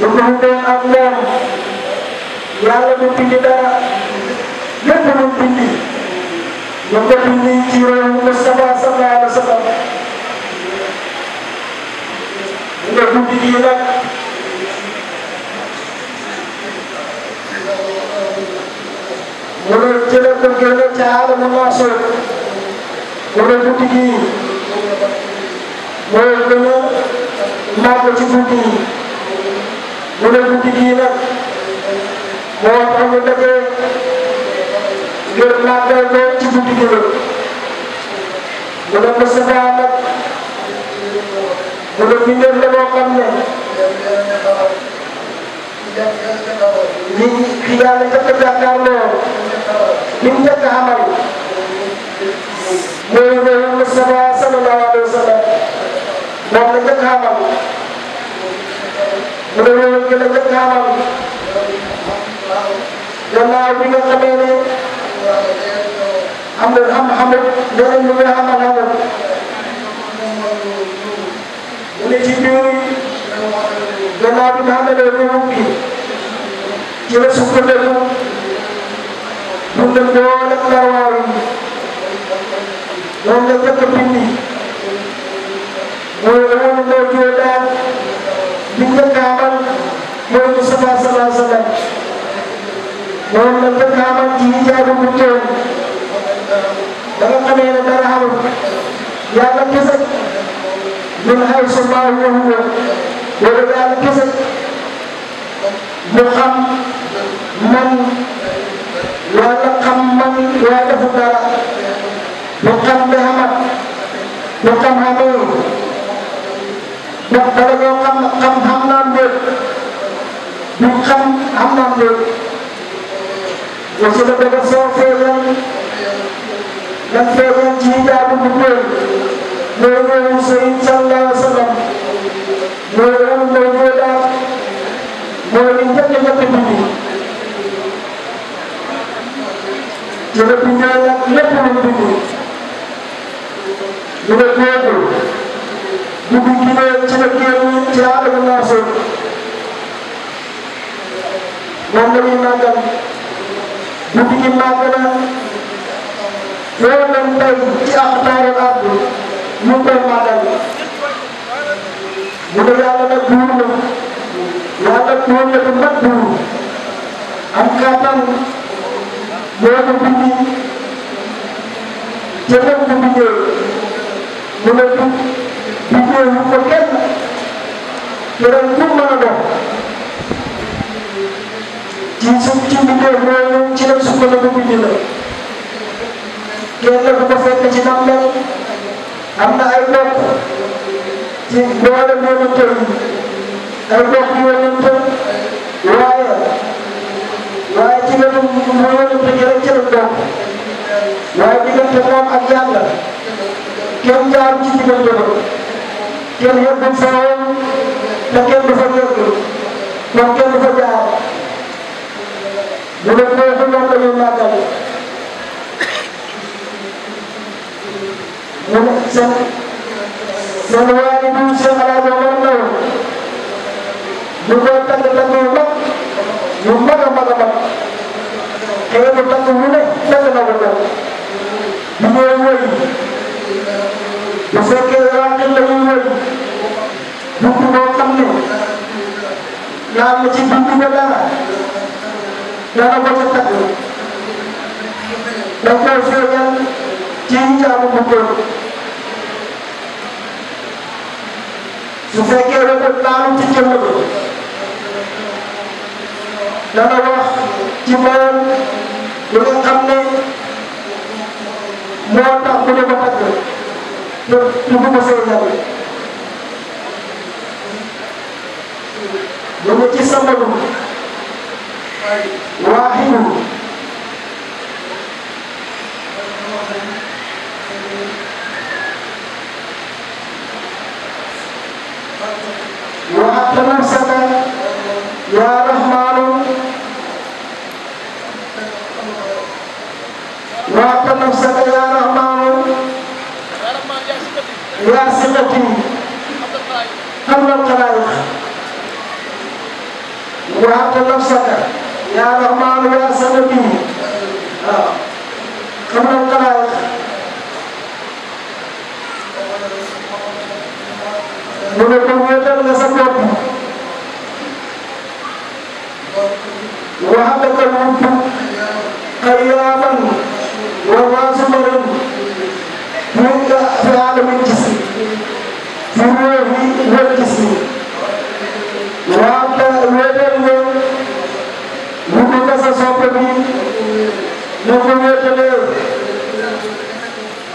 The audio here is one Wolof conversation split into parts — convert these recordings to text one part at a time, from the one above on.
lu mu doon ak leer yàlla du bind dara lépp lu bind lu ko bind ci réew Mustafa sallallahu alayhi wa sallam nga guddi gi nag mu ne jële ko génne ci aalamu maasoor mu ne guddi gi mooy gën a màgg ci guddi yi mu ne guddi gii nag moo tax ñu defee ngir laajteel lool ci guddi gi la mu ne Moustapha la boo xam ne li li daal di a jàkkaarloo li mu njëkk a xamal mooy mooy Moustapha sallallahu alayhi wa sallam moom la mu ne loolu gën a jot naa am gannaaw bi nga xamee ne am na am am na njëriñ lu gën a amal amal mu ne ci biir gannaaw bi nga xam ne ruum bi ci la sukkandiku pour ne boole garaaw yi moom la njëkk a bind mooy loolu moo jëlee daal bi nga loolu la fekk naa man ci jaabu bu teew ba nga xamee ne dara amul yàlla kese min haysu maa huwa wala yàlla kese mu xam man yàlla xam man yaa defu dara mu xam bi amat mu xam amee ndax dara ñoo xam Monsieur le Président Félon, nan Félon jiyaatu bu góor mooy ñëw Sëriñ sallallahu alayhi wa sallam mooy ram mooy ñëwaat mooy li njëkk a njëkk bi bi. Jërë bi ñaanal lépp luñ bind. Ñu ne góorgóor bu bu ginee ci la génn ci la aadama naa moom la ñuy màggal ñu ngi màgg na loolu nag tey ci axtaaru àdd ñu ngi koy màggal mu ne yàlla nag buur na yàlla buur na du mat am kàttan loolu bindi bu bindee mu ne du bindee wu ko kenn te ren pour a dox ci suuf ci bindee suba la bu mu jëlee kenn ku ko fekk ci nam mel am na ay mbokk ci boolem yonente ay mbokk yonente waaye waaye ci la mu yonente gi ci la bokk waaye diggante moom ak yàlla kenn jaaru ci diggante ba kenn yëngu sa woon te kenn dafa yëngu kon mu ne xeetu ndox la ñuy màggale mu ne seen seen waa ji biir seen alaajo moom la woon ñu koy tàgg tàgg yu mag yu mag a mag a mag xeetu tàgg yu ne tàgg na ko moom bu ñëwee wéy bu fekkee raaxil la ñuy wéy dugg boo xam ne naan la ci dugg ba dara dana ko ca tàgg da koy feeñal ci njaamu bu góor su fekkee ne ko laalu ci jëmm bi dana wax ci moom lu nga xam ne moo tax mu ne ko tàgg te du ko feeñal lu mu ci sàmmalu واحد وحتى نفسك يا رحمن وحتى نفسك يا رحمن يا سمتي قبل القلائق وحتى نفسك يا رحمن يا سلمي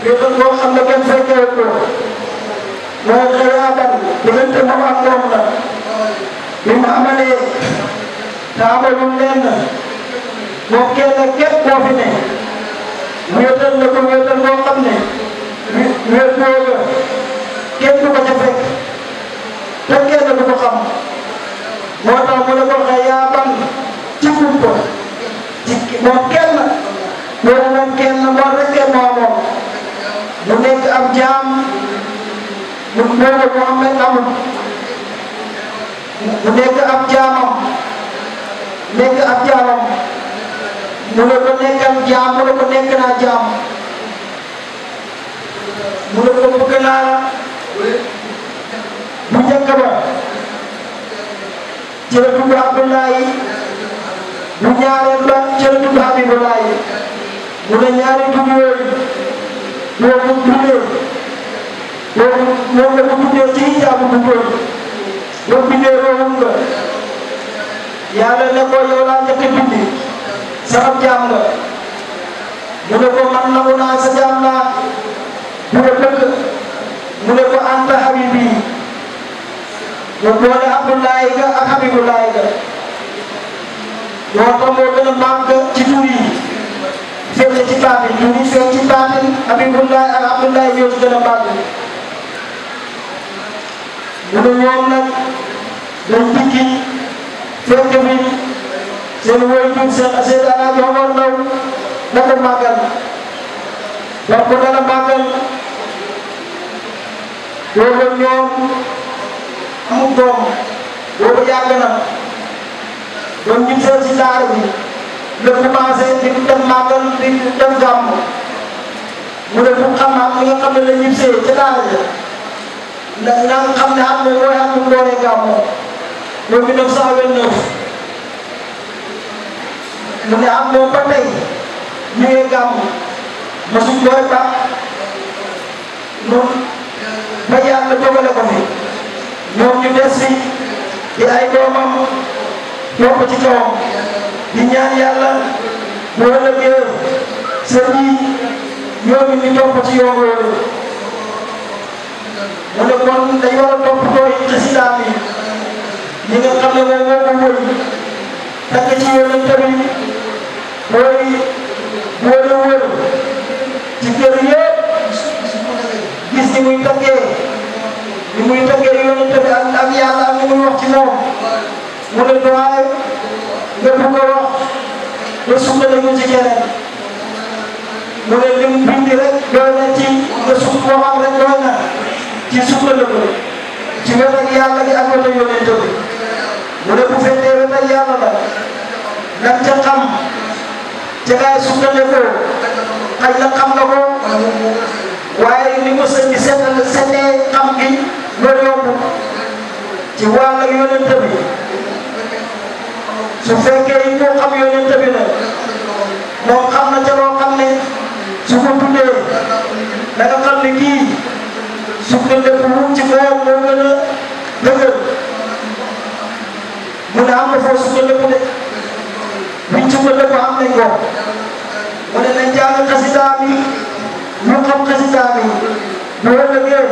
yëngal boo xam ne kenn fekkee ko mooy xalaatam diggante moom ak moom la bi mu amalee taabalul leen moom kenn képp koo fi ne wéetal ko wéetal boo xam ne wéet boobu kenn du ko ca fekk te kenn du ko xam moo mu ne ko xayaaban ci ko ci mu nekk ab jaam bu boobu Muhammad amul mu nekk ab jaamam nekk ab jaamam mu ne ko nekkal jaam mu ne ko nekk naa jaam mu ne ko bëgg naa bu njëkk ba ci la tudd Abdoulaye bu ñaareel ba ci la tudd Habiboulaye mu ne ñaari tudd yooyu loolu moom bindee loolu moom la ko bindee ci hijaabu bu góor ba bindee loolu nga yàlla ne ko yow laa njëkk a bind sama jaam nga mu ne ko man nangu naa sa jaam naa bu ne dëgg mu ne ko anta habibi nga boole abdullaahi ga ak habibullaahi ga moo tax moo gën a màgg ci tur yi féete ci baatin ñu ngi seet ci baatin Habibullahi ak Abdullahi ñoo ci gën a màgg ñu ne ñoom nag dañ dikki fekk bi seen wéyum seen seen alaaj Omar Ndaw na ko màggal war ko dana màggal boobu ñoom amul doom boobu yàgg na doon ñu seet ci daara bi nga commencé di def màggal di def gàmm mu ne fu xam naa li nga xam ne la ñib see ca daara ja ndax nga xam ne am na looy am mu dooree gàmmu mooy 1929 mu ne am moom ba tey ñu ngi gàmm mosu doy ba noonu ba yàlla dogale ko fi ñoom ñu des fi di ay doomam yokk ci kawam. di ñaan yàlla bu ëllëgee sëñ yi yoon yi ñu topp ci yooyu mu ne kon dañ war a topp tooy xasida yi ñi nga xam ne moom moo ko ci yoon tamit mooy boole wër ci kër yëpp gis ni muy takkee ni muy takkee yoon tamit ak yàlla ak ni muy ci moom mu ne doy nga bëgg ba suuf la ñu ci keneen mu ne lim bind rek doy na nga suuf waxam rek doy na ci suuf la ko ci wér ak yàlla gi ak wér ak yonent bi mu ne bu fekkee wér ak yàlla la nag ca xam ca kaay suuf la ko xaj na ni ko sëñ bi seet setee xam gi loolu yomb ci wàll yonent bi su fekkee yi ñoo xam yonent bi la moom xam na ca loo xam ne su ko tuddee da nga xam kii su ko lépp lu ci moom moo gën a dëgër mu ne am na foofu su ko lépp de biñ su ko lépp am nañ ko mu ne nañ jàng xasidaa bi ñu xam xasidaa bi bu ëllëgee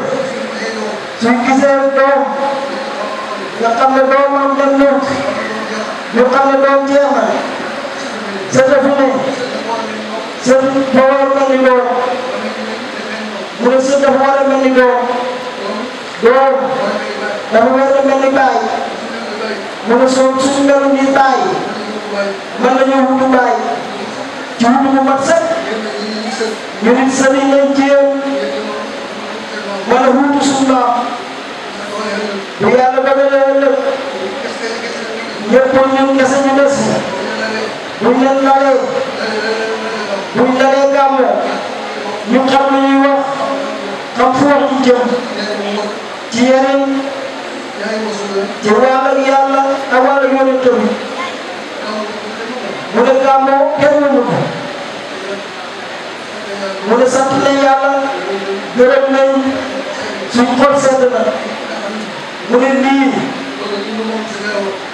suñ gisee doom nga xam ne doomam dem na ñu xam ne doom jeex na sëtëf ne sët ba war a mel ni doom mu ne sët dafa mu ne soo suñu meloon ni baay man la ñu wutu baay ci wutu bu mat sëkk ñu nit sën yi lañ jéem man a wutu suñu maam bu yàlla dogalee lépp ñun kese ñu des buñ leen lalee buñ lalee gàmmu ñu xam lu ñuy wax xam fu wax ñu jëm ci yeneen ci wàll ak yàlla ak wàll yonent bi mu ne gàmmu kenn mënu ko mu ne sant nañ yàlla gërëm nañ suñ xol sedd na mu ne lii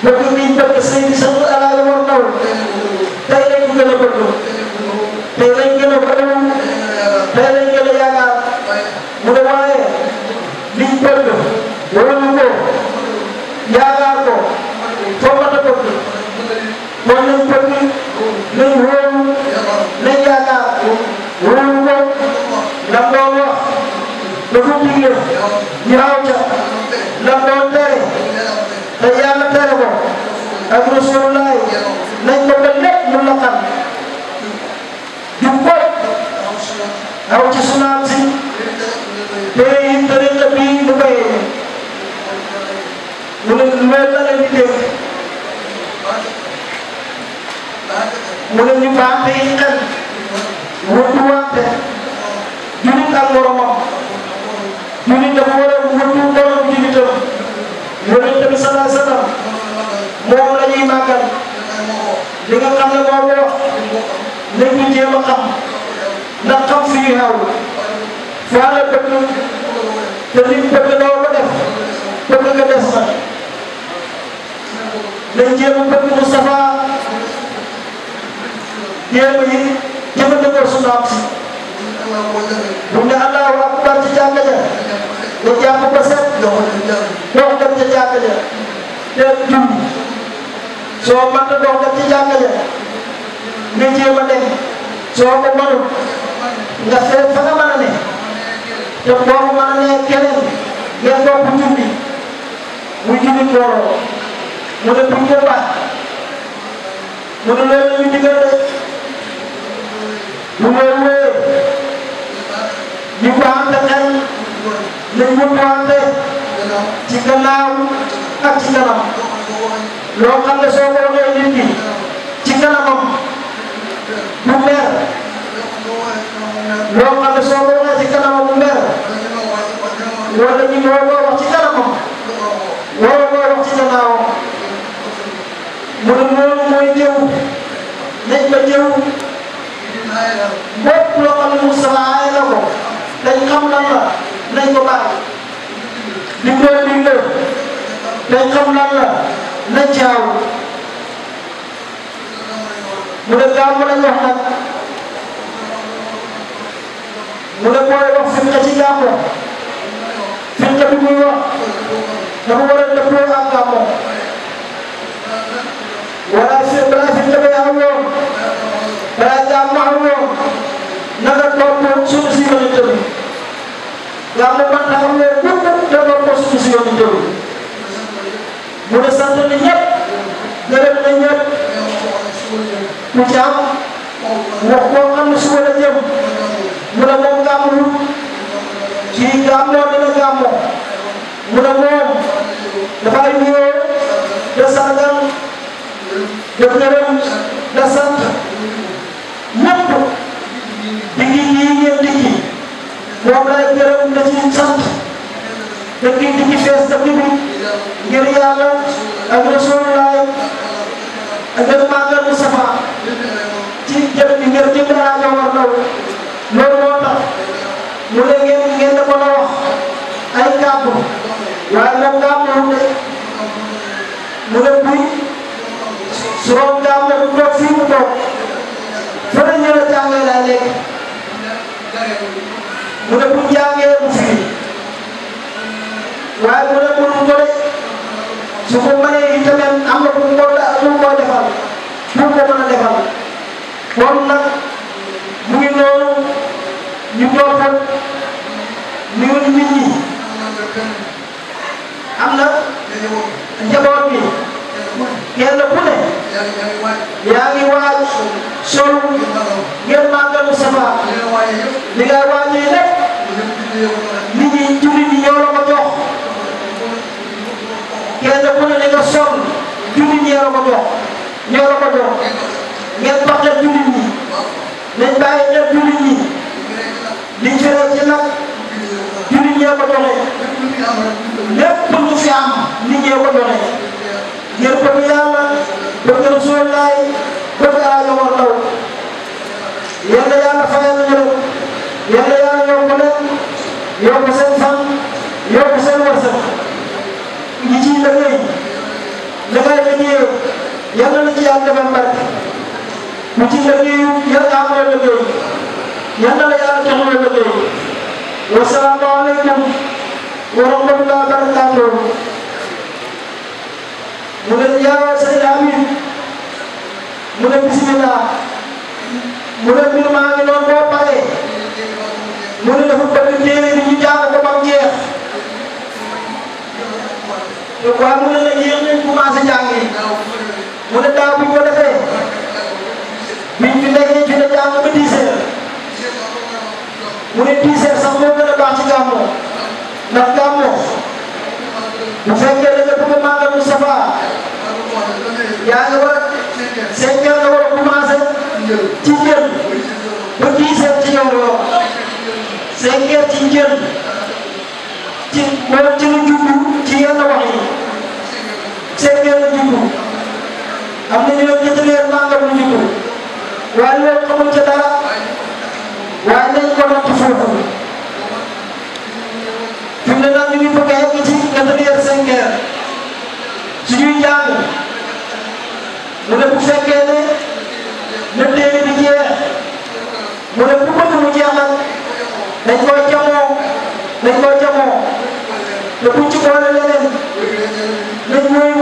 mbokk mi ñu dëkk sëñ bi sant Alaaji Mor Ndaw tey lañ a bëgg tey lañ a bëgg tey lañ gën a yaakaar mu ne waaye liñ bëgg wóolu ko yaakaar a bëgg moom lañ bëgg ak rasulullahi nañ ko ba lépp lu la xam di ko aw ci sunaat si tey it tariqa bii lu koy mu ne mel na leen di dégg mu ne ñu baax te it xel wuttuwaante jullit ak xam-xam ndax xam suñuy xaw faa la bëgg te liñ bëgg doo ko def bëgg nga des na dañ jéem a bëgg Moustapha jéem yi jëfandikoo suñu am bu ne allahu akbar ci jàkka ja nga jàpp ba set dox dem ca jàkka ja teel jiw soo mën na dox dem ca jàkka ja nga jéem a soo ko mënul nga fexe fa nga mën a ne te boobu mën a ne keneen ngeen bokk julli mu julli booloo mu ne buñ ko baax mu ne loolu la ñu digal de lu loolu wéyee ñu ko ànd xel nañ ko ko ànde ci gannaaw ak ci kanam loo xam ne soo ko waxee nit ki ci kanamam. loo xam ne soo ko waxee ci kanamam mu mer wala ñu loo ko wax ci kanamam loo ko wax ci gannaawam mu ne loolu mooy jëw nañ ko jëw lépp loo xam ne mu salaay la ko dañ xam lan la nañ ko bàyyi di ko digle dañ xam lan la nañ jaaw mu ne gaaw mu lañ wax nag mu ne booy wax finqa ci gàmmu finqa bi muy wax dafa war a dëppoo ak gàmmu wala si balaa finqa na am leen bëgg si yoonu jëm mu ne sant na ñëpp gërëm na ñëpp ku ci wax koo xam ne la jëm mu ne moom gàmmul kii gàmmoo dina gàmmoo mu ne moom dafay nuyoo da sargal da gërëm da sant lépp digg yi ngeen digg moom lay gërëm da ci sant da kii digg fees da digg ngir yàlla ak rasulullah ak gën màggal Mustafa ci jëm bi ngir jëm waaye nag daa am ne mu ne bii suroom daa am ne bu toog fii mu toog fan la ñëw a jàngee laa nekk mu ne bu jàngee bu fii waaye mu ne mënu ko de su ko mënee itamit am na bu mu ko bu mu ko defal bu mu ko mën a defal kon nag mu ngi noonu ñu toog ñu ngi nit ñi. am na njaboot bi kenn ku ne yaa ngi waaj sol ngeen màggalu Safar li ngay wàññi lépp nit ñi jullit yi ñoo la ko jox kenn ku ne li nga sol jullit ñoo la ko jox ñoo la ko jox ngeen baax na jullit ñi nañ bàyyi ñëpp jullit ñi liñ ci nag nit ñee ko joxe lépp lu fi am nit ñee ko joxe ngir bëgg yàlla bëgg Rasulullaay bëgg aajo war law yàlla yàlla fayal ñu leen yàlla yàlla yokk leen yokk seen fan yokk seen wërsëg ñi ciy liggéey dafay liggéey yàlla na ci yàlla defal barke mu ci liggéeyu yàlla am na liggéey yàlla la yàlla taxawal liggéey wasalaamu aleykum wa rahmatulah wa barakaatu mu ne yaa sëñ Amin mu ne bisimilah mu ne mbir maa ngi noonu boo paree mu ne dafa bëgg téere bi ñu jaar ko ba mu jeex waaye mu ne la yéex nañ commencé jàng yi mu ne daaw bi ko defee biñ fi nekkee ci la jàng ba 10 heures mu ne tiiseer sax moo gën a baax ci gàmmu ndax gàmmu bu fekkee da nga bëgg maanaam Moustapha yaa ngi war a seen nga war a commencé ci njël ba tiiseer ci yow lool seen ngeen ci njël ci wala ci lu jublu ci yenn wax yi seen ngeen lu jublu am na ñu ne ñetti leer maanaam lu jublu waaye loolu xamul ca dara. waaye nañ ko natt foofu fi mu ne nag ñu ngi bëgg a yegg ci quatrième cinq heures suñuy jàng mu ne bu fekkee ne na téere bi jeex mu ne bu bëgg mu jeex nag dañ koy jamoo dañ koy jamoo te buñ ci boole leneen dañ mooy